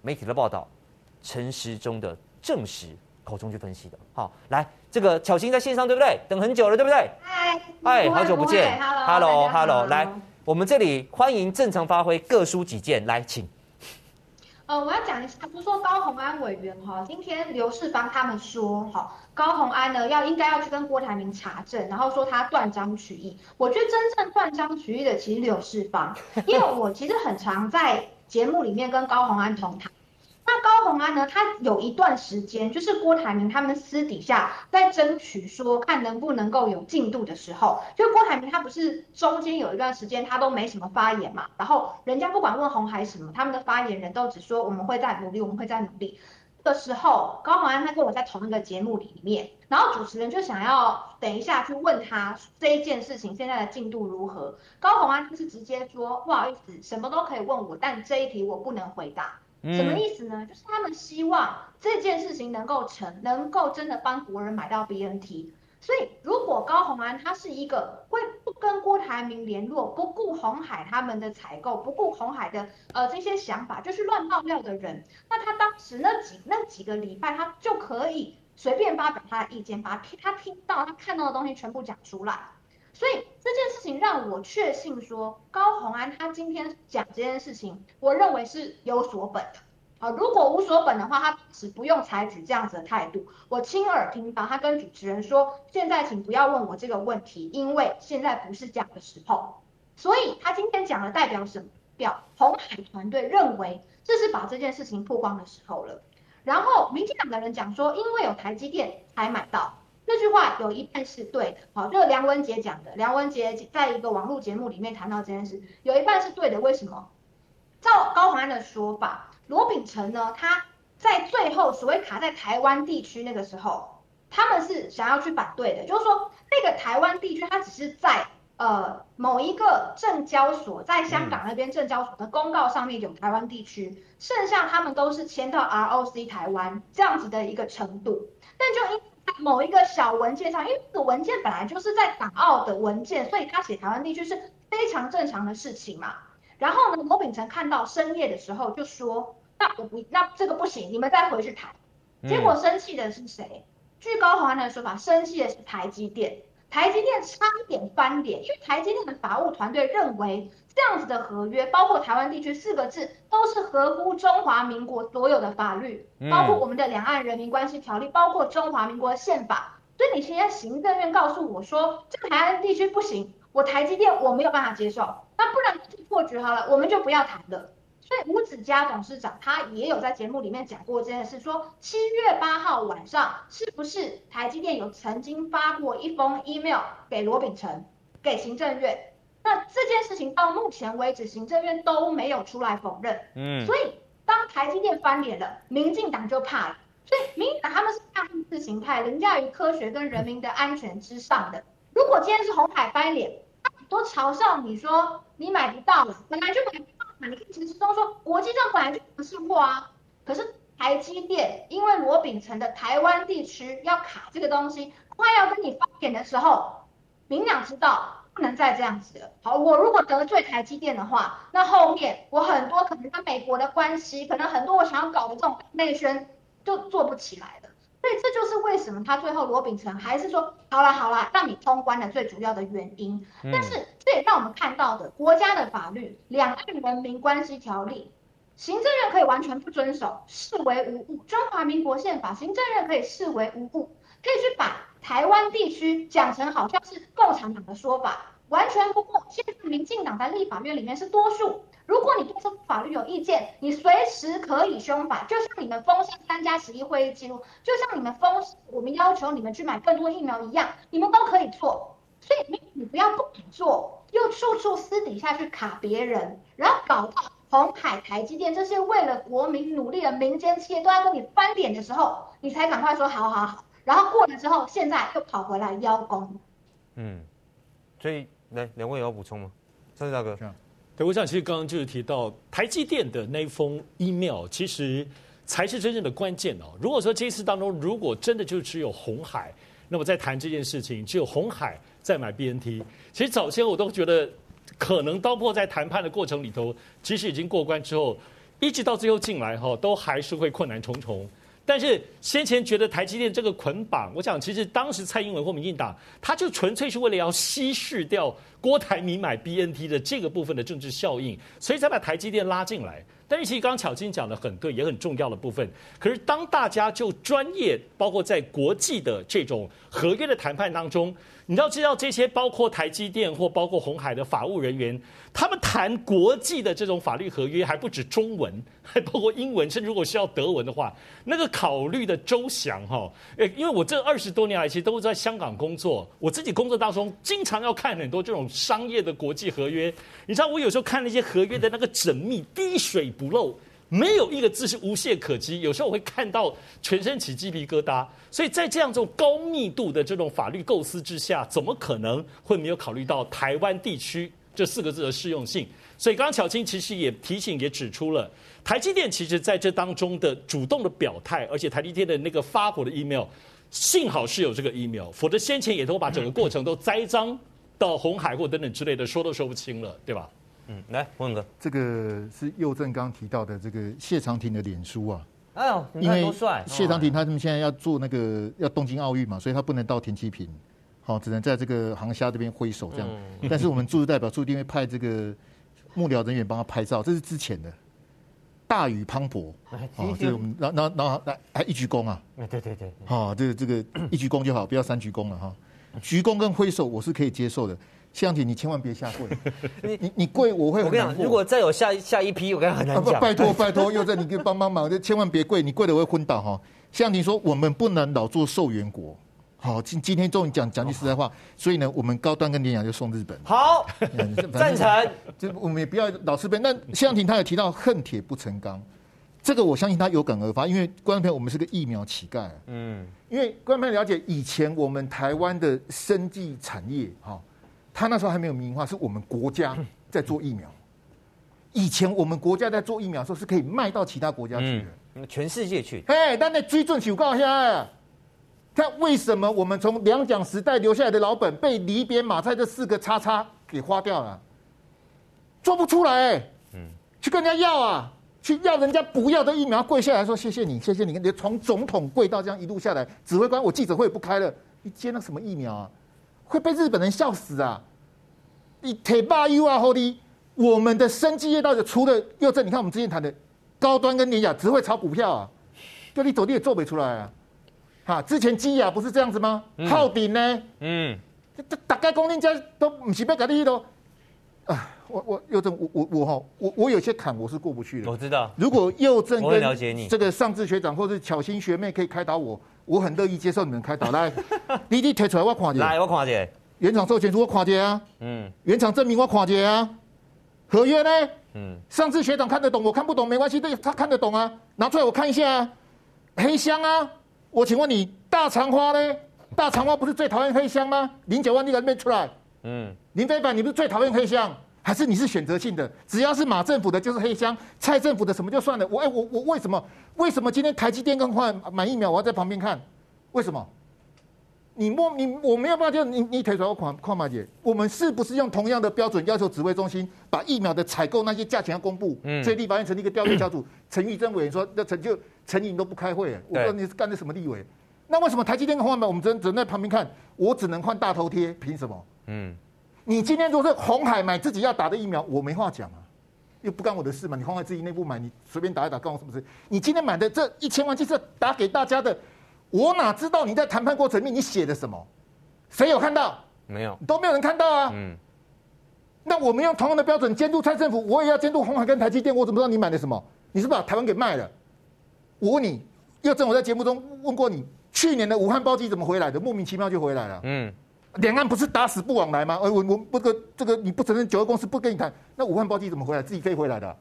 Speaker 1: 媒體的報道、陳時中的證實口中去分析的。好，哦，來，這個巧心在線上，對不對？等很久了，對不對？嗨，好久不見，Hello，Hello，Hello。Hello, Hello, 來，我們這裡歡迎正常發揮，各抒己見，來，請。呃，我要講
Speaker 4: 一下，不說高虹安委員哈，今天劉世芳他們說哈。高虹安呢要應該要去跟郭台銘查證，然後說他斷章取義。我覺得真正斷章取義的其實劉世芳，因為我其實很常在節目裡面跟高虹安同台。那高虹安呢，他有一段時間就是郭台銘他們私底下在爭取說看能不能夠有進度的時候，就郭台銘他不是中間有一段時間他都沒什麼發言嘛，然後人家不管問鴻海還是什麼，他們的發言人都只說，我們會再努力，我們會再努力，的時候，高虹安他跟我在同一個節目裡面，然後主持人就想要等一下去問他這一件事情現在的進度如何。高虹安就是直接說，不好意思，什麼都可以問我，但這一題我不能回答。嗯。什麼意思呢？就是他們希望這件事情能夠成，能夠真的幫國人買到 BNT。所以，如果高虹安他是一個會。跟郭台銘聯絡，不顧鴻海他們的採購，不顧鴻海的呃這些想法，就是亂爆料的人。那他當時那幾那幾個禮拜，他就可以隨便發表他的意見，把他聽他聽到他看到的東西全部講出來。所以這件事情讓我確信，說高虹安，他今天講這件事情，我認為是有所本的。啊，如果無所本的話，他只不用採取這樣子的態度。我親耳聽到他跟主持人說：“現在請不要問我這個問題，因為現在不是講的時候。”所以他今天講的代表什麼？表鴻海團隊認為這是把這件事情曝光的時候了。然後民進黨的人講說：“因為有台積電才買到。”那句話有一半是對的。好，就、這個、梁文傑講的。梁文傑在一個網絡節目裡面談到這件事，有一半是對的。為什麼？照高虹安的說法。羅秉成呢？他在最後所謂卡在台灣地區那個時候，他們是想要去反對的，就是說那個台灣地區，它只是在呃某一個證交所在香港那邊證交所的公告上面有台灣地區，嗯、剩下他們都是簽到 ROC 台灣這樣子的一個程度。但就因為某一個小文件上，因為這個文件本來就是在港澳的文件，所以他寫台灣地區是非常正常的事情嘛。然後呢，羅秉成看到深夜的時候就說。那我不，那這個不行，你們再回去談。嗯、結果生氣的是誰？據高虹安的說法，生氣的是台積電。台積電差一點翻臉，因為台積電的法務團隊認為，這樣子的合約，包括台灣地區四個字，都是合乎中華民國所有的法律，包括我們的兩岸人民關係條例，包括中華民國的憲法。所以、嗯、你現在行政院告訴我說，這個台灣地區不行，我台積電我沒有辦法接受。那不然就破局好了，我們就不要談了。對，吳子嘉董事長，他也有在節目裡面講過這件事說，說七月八號晚上，是不是台積電有曾經發過一封 email 給羅秉成，給行政院？那這件事情到目前為止，行政院都沒有出來否認。嗯，所以當台積電翻臉了，民進黨就怕了。所以民進黨他們是大政治形態，凌駕於科學跟人民的安全之上的。如果今天是鴻海翻臉，都嘲笑你說你買不到，本來就買你跟陳志忠說，國際上本來就不是貨啊。可是台積電因為羅秉成的台灣地區要卡這個東西，快要跟你翻臉的時候，明朗知道不能再這樣子了。好，我如果得罪台積電的話，那後面我很多可能跟美國的關係，可能很多我想要搞的這種內宣就做不起來。所以這就是為什麼他最後羅秉成還是說好啦好啦，讓你通關的最主要的原因。但是這也讓我們看到的國家的法律《兩岸人民關係條例》，行政院可以完全不遵守，視為無物；中華民國憲法，行政院可以視為無物，可以去把台灣地區講成好像是共產黨的說法。完全不過，現在民進黨在立法院裡面是多數。如果你對這法律有意見，你隨時可以修法，就像你們封殺三加十一會議記錄，就像你們封，我們要求你們去買更多疫苗一樣，你們都可以做。所以你，你不要不做，又處處私底下去卡別人，然後搞到鴻海台積電這些為了國民努力的民間企業都要跟你翻臉的時候，你才趕快說好好好，然後過了之後，現在又跑回來邀功。嗯，
Speaker 2: 所以。來，兩位有要補充嗎？張毅大哥，對，我想其實剛剛就是提到台積電的那一封 email，其實才是真正的關鍵哦。如果說這一次當中，如果真的就只有鴻海，那麼在談這件事情，只有鴻海在買 BNT，其實早先我都覺得可能刀破在談判的過程裡頭，其實已經過關之後，一直到最後進來哈、哦，都還是會困難重重。但是先前覺得台積電這個捆綁，我想其實當時蔡英文和民進黨，他就純粹是為了要稀釋掉郭台銘買 BNT 的這個部分的政治效應，所以才把台積電拉進來。但是其實剛，剛巧金講的很對，也很重要的部分。可是當大家就專業，包括在國際的這種合約的談判當中。你要知道，這些包括台積電或包括鴻海的法務人員，他們談國際的這種法律合約，還不止中文，還包括英文，甚至如果需要德文的話，那個考慮的周詳，哈，誒，因為我這二十多年來其實都在香港工作，我自己工作當中經常要看很多這種商業的國際合約。你知道，我有時候看那些合約的那個縝密、滴水不漏。沒有一個字是無懈可擊，有時候我會看到全身起雞皮疙瘩，所以在這樣這種高密度的這種法律構思之下，怎麼可能會沒有考慮到台灣地區這四個字的適用性？所以剛剛巧青其實也提醒也指出了台積電其實在這當中的主動的表態，而且台積電的那個發火的 email，幸好是有這個 email，否則先前也都把整個過程都栽贓到鴻海或等等之類的說都說不清了，對吧？
Speaker 3: 嗯，來，文哥，這個是佑正剛提到的這個謝長廷的臉書啊。
Speaker 2: 哎呦，你看帥！謝長廷，
Speaker 3: 他們現在要做那個要東京奧運嘛，所以他不能到停機坪，好，只能在這個航廈這邊揮手這樣。但是我們駐日代表處一定會派這個幕僚人員幫他拍照，這是之前的大雨滂沱。
Speaker 1: 好、哦，這個我們，
Speaker 3: 然後然後來，來一鞠躬啊。哎，對對對，好，這個這個一鞠躬就好，不要三鞠躬了哈、哦。鞠躬跟揮手，我是可以接受的。宥彤，你千萬別下跪，你你你跪，我會很難過，我跟你講，如
Speaker 1: 果再有下下一批，我該覺很難講、啊。拜托拜托，
Speaker 3: 又在你給幫幫忙，就千萬別跪，你跪了我會昏倒哈。宥彤說，我們不能老做受援國。好，今今天終於講講句實在話，所以呢，我們高端跟聯亞就送日本。好，贊成。我們也不要老是被那宥彤，他有提到恨鐵不成鋼，這個我相信他有感而發，因為觀眾朋友，我們是個疫苗乞丐。嗯，因為觀眾朋友了解以前我們台灣的生技產業哈。他那時候還沒有民營化，是我們國家在做疫苗。以前我們國家在做疫苗的時候是可以賣到其他國家去的，嗯、
Speaker 1: 全世界
Speaker 3: 去。哎、hey,，但那居正警告他：，看為什麼我們從兩蔣時代留下來的老本被李扁馬蔡這四個叉叉給花掉了？做不出來，去跟人家要啊，去要人家不要的疫苗，跪下來說謝謝你，謝謝你，你從總統跪到這樣一路下來，指揮官，我記者會也不開了，你接那什麼疫苗啊？會被日本人笑死啊！你鐵霸 u r h o d i 我們的生技業到底除了又在你看我們之前談的高端跟聯亞，只會炒股票啊，就你走你也做不出來啊！哈，之前基亞不是這樣子嗎？耗頂呢？嗯，這這大概工齡家都唔是要隔離咯啊。我我右正我我我哈我我有些坎我是過不去的，我知道，如果右正跟這個上智學長或者巧心學妹可以開導我，我很樂意接受你們開導。來， 你你貼出來我看下。來我看下，原廠授權書我看下啊。嗯，原廠證明我看下啊。合約呢？嗯，上智學長看得懂，我看不懂，看不懂沒關係。對他看得懂啊，拿出來我看一下啊。黑箱啊，我請問你，大腸花呢？大腸花不是最討厭黑箱嗎？林九萬你敢沒出來？嗯，林飛帆你不是最討厭黑箱？還是你是選擇性的，只要是馬政府的，就是黑箱；蔡政府的什麼就算了。我哎、欸，我我為什麼？為什麼今天台積電鴻海買疫苗，我要在旁邊看？為什麼？你莫你，我沒有辦法。就你你腿甩我胯胯嘛姐。我們是不是用同樣的標準要求指揮中心把疫苗的採購那些價錢要公布？嗯。這立法院成立一個調查小組，陳玉珍委員說：“那成就立你都不開會。”我說：“你是幹的什麼立委？”對那為什麼台積電鴻海的我們只能，只能在旁邊看？我只能換大頭貼，憑什麼？嗯。你今天就是鴻海買自己要打的疫苗，我沒話講啊，又不干我的事嘛。你鴻海自己內部買，你隨便打一打，干我什麼事？你今天買的這一千萬劑是打給大家的，我哪知道你在談判過程裡你寫的什麼？誰有看到？沒有，都沒有人看到啊。嗯，那我們用同樣的標準監督蔡政府，我也要監督鴻海跟台積電。我怎麼知道你買的什麼？你是，不是把台灣給賣了？我問你，又證我在節目中問過你，去年的武漢包機怎麼回來的？莫名其妙就回來了。嗯。兩岸不是打死不往來嗎？而我我不、這個這個你不承認九二共識不跟你談，那武漢包機怎麼回來？自己飛回來的、啊，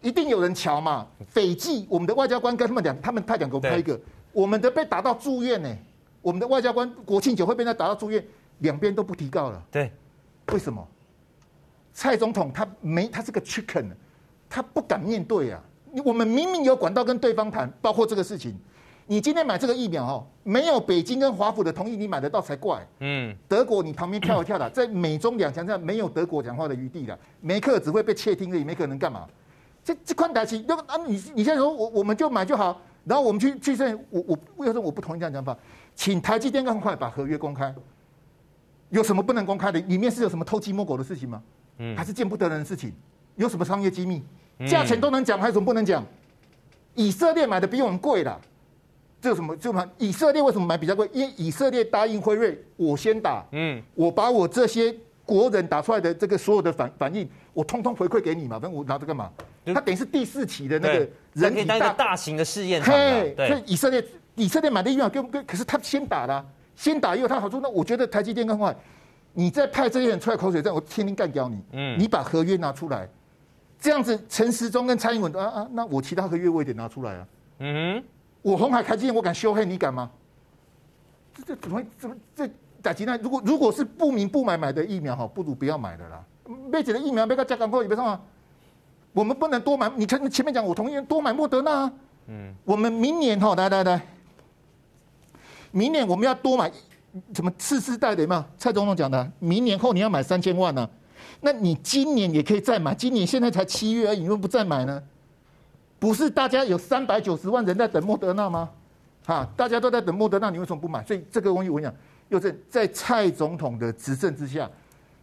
Speaker 3: 一定有人喬嘛。斐濟我們的外交官跟他們兩，他們派兩個我派一個，對 我們的被打到住院呢、欸。我們的外交官國慶酒會被他打到住院，兩邊都不提告了。對，為什麼？蔡總統他沒他是個 chicken，他不敢面對啊。我們明明有管道跟對方談，包括這個事情。你今天買這個疫苗哦，沒有北京跟華府的同意，你買得到才怪。嗯，德國你旁邊跳一跳的，在美中兩強下，沒有德國講話的餘地了。梅克只會被竊聽而已，梅克能幹嘛？這這寬達奇，那、啊、你你現在說，我我們就買就好。然後我們去去這，我我我要說，我不同意這樣講法。請台積電趕快把合約公開，有什麼不能公開的？裡面是有什麼偷雞摸狗的事情嗎？嗯，還是見不得人的事情？有什麼商業機密？價錢都能講，還有什麼不能講？以色列買的比我們貴的這什麼就買以色列？為什麼買比較貴？因為以色列答應輝瑞，我先打，嗯，我把我這些國人打出來的這個所有的反反應，我通通回饋給你嘛。反正我拿著幹嘛？他等於是第四期的那個人體大、嗯、大型的試驗、啊，嘿，所以以色列以色列買的疫院跟跟，可是他先打啦、啊，先打又有他好處。那我覺得台積電的話，你再派這些人出來口水戰，我天天幹掉你。嗯，你把合約拿出來，這樣子陳時中跟蔡英文都啊啊，那我其他合約我也得拿出來啊。嗯。我鴻海開金我敢休黑，你敢嗎？這這怎麼怎麼這打雞呢？如果如果是不明不買買的疫苗哈，不如不要買的啦。被解的疫苗被他加廣告，有被上嗎？我們不能多買。你前前面講我同意多買莫德納、啊。嗯，我們明年哈，來來來，明年我們要多買什麼次世代的嘛？蔡總統講的，明年後你要買三千萬呢、啊，那你今年也可以再買。今年現在才七月，你又不再買呢？不是大家有三百九十萬人在等莫德納嗎？哈，大家都在等莫德納，你為什麼不買？所以這個東西我講，又在在蔡總統的執政之下，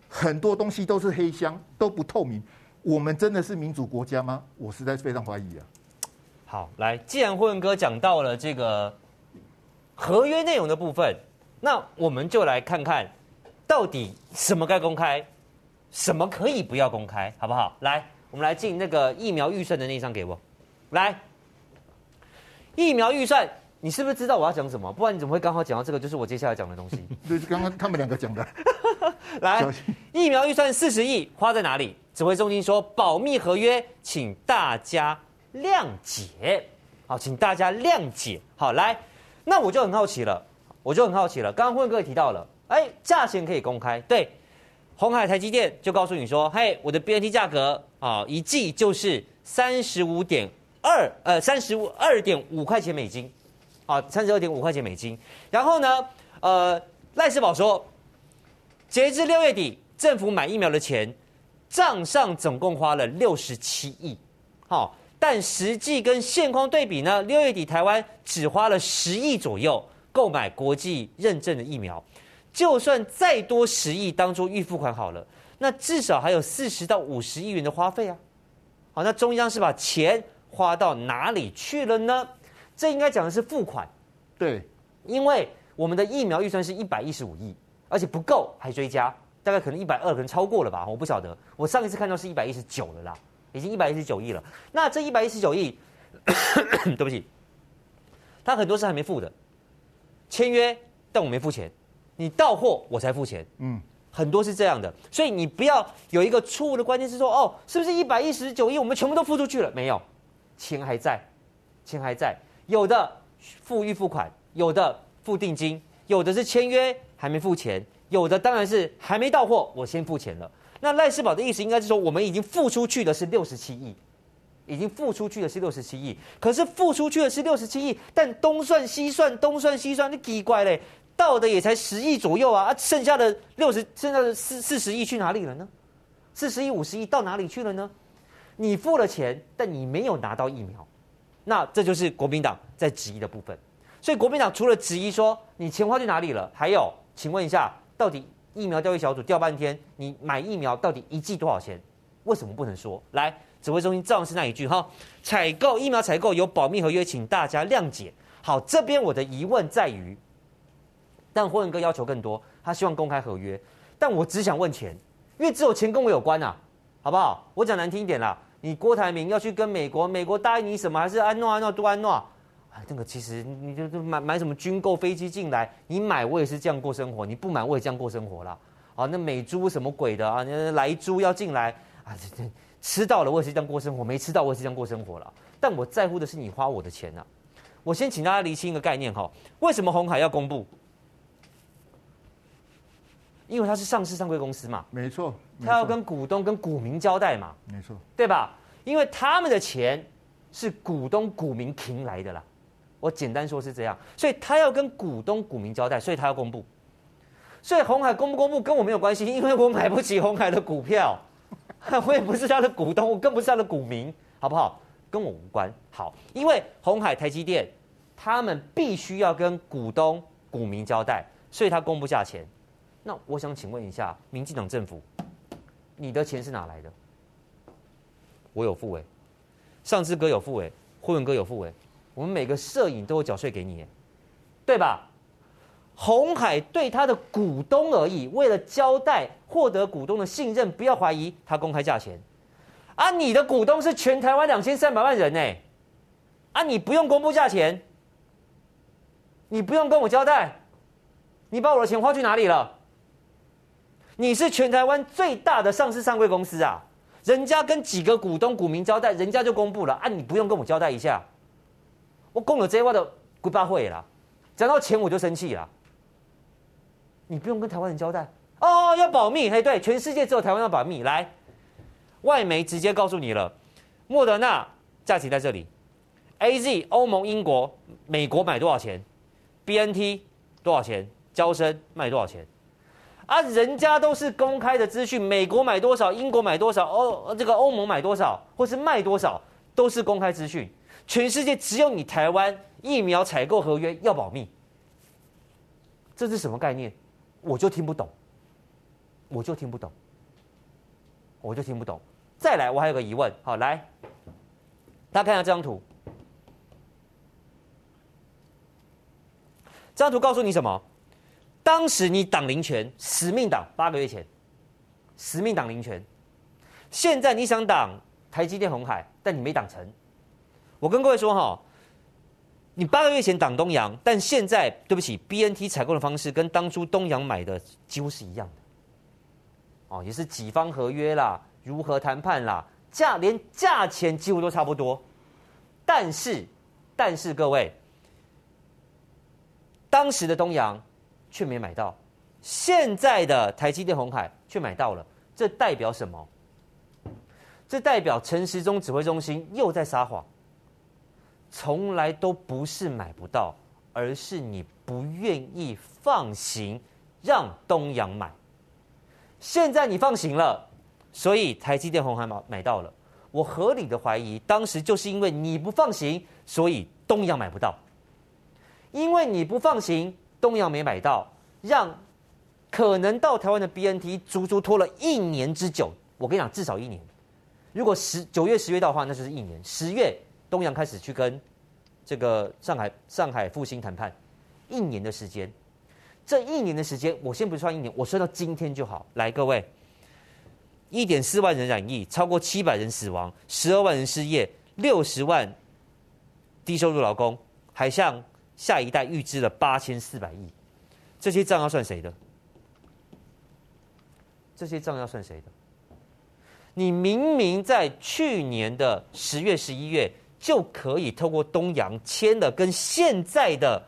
Speaker 3: 很多東西都是黑箱，都不透明。我們真的是民主國家嗎？我實在非常懷疑啊。
Speaker 1: 好，來，既然霍文哥講到了這個
Speaker 3: 合約內容的部
Speaker 1: 分，那我們就來看看到底什麼該公開，什麼可以不要公開，好不好？來，我們來進那個疫苗預算的那一張給我。來，疫苗預算，你是不是知道我要講什麼？不然你怎麼會剛好講到這個？
Speaker 3: 就是我接下來講的東西。 對，剛剛他們兩個講的。
Speaker 1: 來，小心。疫苗預算四十億花在哪裡？指揮中心說保密合約，請大家諒解。好，請大家諒解。好，來，那我就很好奇了，我就很好奇了。剛剛混哥也提到了，哎、欸，價錢可以公開。對，鴻海台積電就告訴你說，嘿，我的 BNT 價格啊、呃，一劑就是三十五點。二呃三十五二點五塊錢美金，啊三十二點五塊錢美金。然後呢，呃賴士葆說，截至六月底，政府買疫苗的錢賬上總共花了六十七億，好，但實際跟現況對比呢，六月底台灣只花了十億左右購買國際認證的疫苗，就算再多十億當作預付款好了，那至少還有四十到五十億元的花費啊，好，那中央是把錢。花到哪裡去了呢？這應該講的是付款，對，因為我們的疫苗預算是一百一十五億，而且不夠還追加，大概可能一百二可能超過了吧？我不曉得，我上一次看到是一百一十九了啦，已經一百一十九億了。那這一百一十九億，咳咳，對不起，他很多是還沒付的，簽約但我沒付錢，你到貨我才付錢，嗯，很多是這樣的，所以你不要有一個錯誤的觀念，是說哦，是不是一百一十九億我們全部都付出去了？沒有。錢還在，錢還在，有的付預付款，有的付定金，有的是簽約還沒付錢，有的當然是還沒到貨我先付錢了。那賴士葆的意思應該是說，我們已經付出去的是六十七億，已經付出去的是六十七億，可是付出去的是六十七億，但東算西算，東算西算，你奇怪嘞，到的也才十億左右啊，啊，剩下的六十，剩下的四四十億去哪裡了呢？四十億、五十億到哪裡去了呢？你付了錢，但你沒有拿到疫苗，那這就是國民黨在質疑的部分。所以國民黨除了質疑說你錢花去哪裡了，還有，請問一下，到底疫苗調費小組調半天，你買疫苗到底一劑多少錢？為什麼不能說？來，指揮中心照樣是那一句哈，採購疫苗採購有保密合約，請大家諒解。好，這邊我的疑問在於，但霍文哥要求更多，他希望公開合約，但我只想問錢，因為只有錢跟我有關吶、啊，好不好？我講難聽一點啦。你郭台銘要去跟美國，美國答應你什麼？還是安諾安諾都安諾？哎，這、那個其實你，你就是買買什麼軍購飛機進來，你買我也是這樣過生活，你不買我也這樣過生活啦。啊，那美豬什麼鬼的啊？那萊豬要進來啊？這這吃到了我也是這樣過生活，沒吃到我也是這樣過生活了。但我在乎的是你花我的錢啊！我先請大家釐清一個概念哈，為什麼鴻海要公布？因為他是上市上櫃公司嘛。沒，沒錯，他要跟股東跟股民交代嘛，沒錯，對吧？因為他們的錢是股東股民憑來的啦，我簡單說是這樣，所以他要跟股東股民交代，所以他要公布。所以鴻海公不公布跟我沒有關係，因為我買不起鴻海的股票，我也不是他的股東，我更不是他的股民，好不好？跟我無關。好，因為鴻海、台積電，他們必須要跟股東股民交代，所以他公布價錢。那我想請問一下，民進黨政府，你的錢是哪來的？我有付欸，上次哥有付欸，慧文哥有付欸，我們每個攝影都有繳稅給你、欸，對吧？鴻海對他的股東而已，為了交代獲得股東的信任，不要懷疑他公開價錢。啊，你的股東是全台灣兩千三百萬人呢、欸，啊，你不用公布價錢，你不用跟我交代，你把我的錢花去哪裡了？你是全台灣最大的上市上櫃公司啊！人家跟幾個股東股民交代，人家就公布了啊！你不用跟我交代一下，我供了這話的股 o 會啦。講到錢我就，了就生氣啦。你不用跟台灣人交代哦，要保密。嘿，對，全世界只有台灣要保密。來，外媒直接告訴你了，莫德納價錢在這裡，A Z 歐盟、英國、美國買多少錢？B N T 多少錢？嬌生賣多少錢？啊，人家都是公開的資訊，美國買多少，英國買多少，哦，這個歐盟買多少，或是賣多少，都是公開資訊。全世界只有你台灣疫苗採購合約要保密，這是什麼概念？我就聽不懂，我就聽不懂，我就聽不懂。再來，我還有個疑問，好，來，大家看一下這張圖，這張圖告訴你什麼？當時你擋林全，使命擋八個月前，使命擋林全，現在你想擋台積電紅海，但你沒擋成。我跟各位說哈、哦，你八個月前擋東洋，但現在對不起，BNT 採購的方式跟當初東洋買的幾乎是一樣的。哦，也是幾方合約啦，如何談判啦，價連價錢幾乎都差不多。但是，但是各位，當時的東洋。卻沒買到，現在的台積電鴻海卻買到了，這代表什麼？這代表陳時中指揮中心又在撒謊，從來都不是買不到，而是你不願意放行，讓東洋買。現在你放行了，所以台積電鴻海買買到了。我合理的懷疑，當時就是因為你不放行，所以東洋買不到，因為你不放行。東洋沒買到，讓可能到台灣的 BNT 足足拖了一年之久。我跟你講，至少一年。如果十九月十月到的話，那就是一年。十月東洋開始去跟這個上海上海復興談判，一年的時間。這一年的時間，我先不算一年，我算到今天就好。來，各位，一點四萬人染疫，超過七百人死亡，十二萬人失業，六十萬低收入勞工，還像。下一代預支了八千四百億，這些賬要算誰的？這些賬要算誰的？你明明在去年的十月、十一月就可以透過東洋簽了跟現在的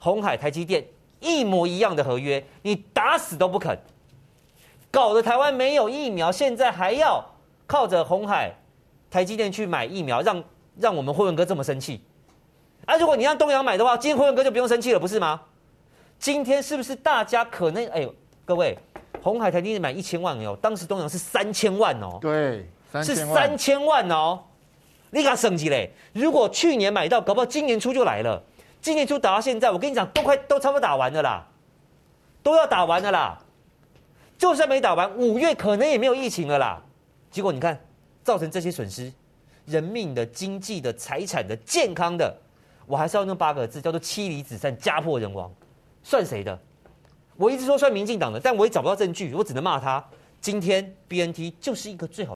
Speaker 1: 鴻海、台積電一模一樣的合約，你打死都不肯，搞得台灣沒有疫苗，現在還要靠着鴻海、台積電去買疫苗，讓讓我們慧文哥這麼生氣。啊，如果你讓東洋買的話，今天輝榮哥就不用生氣了，不是嗎？今天是不是大家可能？哎、欸、呦，各位，鴻海台今天買一千萬哦，當時東洋是三千萬哦，對，三千萬。是三千萬哦，立刻升級嘞！如果去年買到，搞不好今年初就來了。今年初打到現在，我跟你講，都快都差不多打完了啦，都要打完了啦。就算沒打完，五月可能也沒有疫情了啦。結果你看，造成這些損失，人命的、經濟的、財產的、健康的。我還是要用那八個字，叫做妻離子散、家破人亡，算誰的？我一直說算民進黨的，但我也找不到證據，我只能罵他。今天 BNT 就是一個最好的。